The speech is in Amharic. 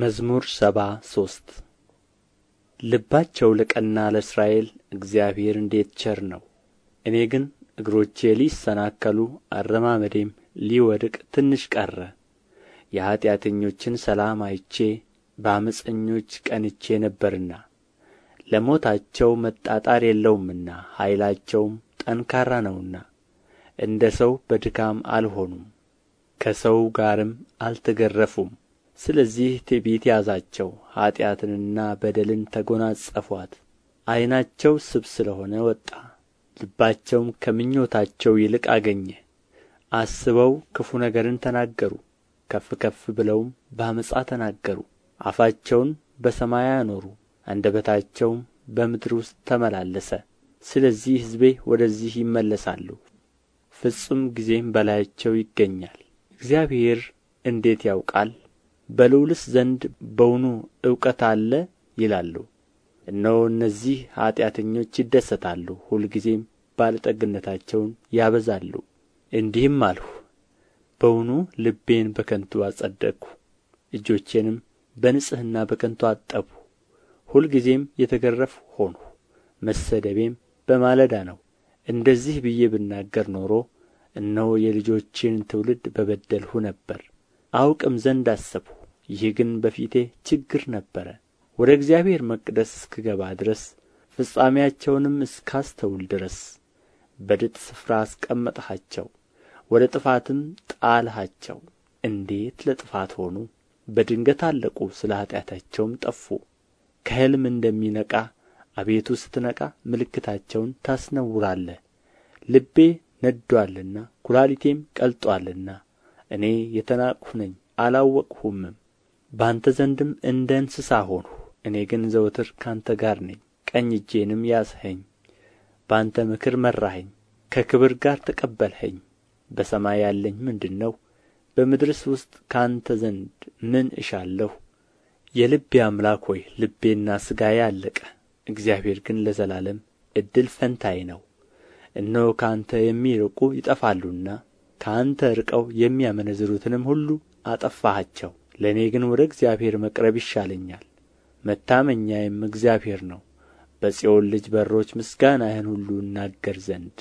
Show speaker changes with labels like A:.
A: መዝሙር ሰባ ሶስት ልባቸው ለቀና ለእስራኤል እግዚአብሔር እንዴት ቸር ነው እኔ ግን እግሮቼ ሊሰናከሉ አረማመዴም ሊወድቅ ትንሽ ቀረ የኀጢአተኞችን ሰላም አይቼ በአመፀኞች ቀንቼ ነበርና ለሞታቸው መጣጣር የለውምና ኃይላቸውም ጠንካራ ነውና እንደ ሰው በድካም አልሆኑም ከሰው ጋርም አልተገረፉም ስለዚህ ትዕቢት ያዛቸው ኃጢአትንና በደልን ተጎናጸፏት ዓይናቸው ስብ ስለ ሆነ ወጣ ልባቸውም ከምኞታቸው ይልቅ አገኘ አስበው ክፉ ነገርን ተናገሩ ከፍ ከፍ ብለውም በአመፃ ተናገሩ አፋቸውን በሰማይ አኖሩ አንደበታቸውም በምድር ውስጥ ተመላለሰ ስለዚህ ሕዝቤ ወደዚህ ይመለሳሉ ፍጹም ጊዜም በላያቸው ይገኛል እግዚአብሔር እንዴት ያውቃል በልዑልስ ዘንድ በውኑ እውቀት አለ ይላሉ እነሆ እነዚህ ኃጢአተኞች ይደሰታሉ ሁልጊዜም ባለጠግነታቸውን ያበዛሉ እንዲህም አልሁ በውኑ ልቤን በከንቱ አጸደቅሁ እጆቼንም በንጽሕና በከንቱ አጠብሁ ሁልጊዜም የተገረፍሁ ሆንሁ መሰደቤም በማለዳ ነው እንደዚህ ብዬ ብናገር ኖሮ እነሆ የልጆችን ትውልድ በበደልሁ ነበር አውቅም ዘንድ አሰብሁ ይህ ግን በፊቴ ችግር ነበረ ወደ እግዚአብሔር መቅደስ እስክገባ ድረስ ፍጻሜያቸውንም እስካስተውል ድረስ በድጥ ስፍራ አስቀመጥሃቸው ወደ ጥፋትም ጣልሃቸው እንዴት ለጥፋት ሆኑ በድንገት አለቁ ስለ ኃጢአታቸውም ጠፉ ከሕልም እንደሚነቃ አቤቱ ስትነቃ ምልክታቸውን ታስነውራለህ ልቤ ነዷልና ኵላሊቴም ቀልጦአልና እኔ የተናቅሁ ነኝ አላወቅሁምም በአንተ ዘንድም እንደ እንስሳ ሆንሁ እኔ ግን ዘወትር ከአንተ ጋር ነኝ ቀኝ እጄንም ያዝኸኝ በአንተ ምክር መራኸኝ ከክብር ጋር ተቀበልኸኝ በሰማይ ያለኝ ምንድን ነው በምድርስ ውስጥ ከአንተ ዘንድ ምን እሻለሁ የልቤ አምላክ ሆይ ልቤና ሥጋዬ አለቀ እግዚአብሔር ግን ለዘላለም እድል ፈንታዬ ነው እነሆ ከአንተ የሚርቁ ይጠፋሉና ከአንተ ርቀው የሚያመነዝሩትንም ሁሉ አጠፋሃቸው ለእኔ ግን ወደ እግዚአብሔር መቅረብ ይሻለኛል መታመኛዬም እግዚአብሔር ነው በጽዮን ልጅ በሮች ምስጋናህን ሁሉ እናገር ዘንድ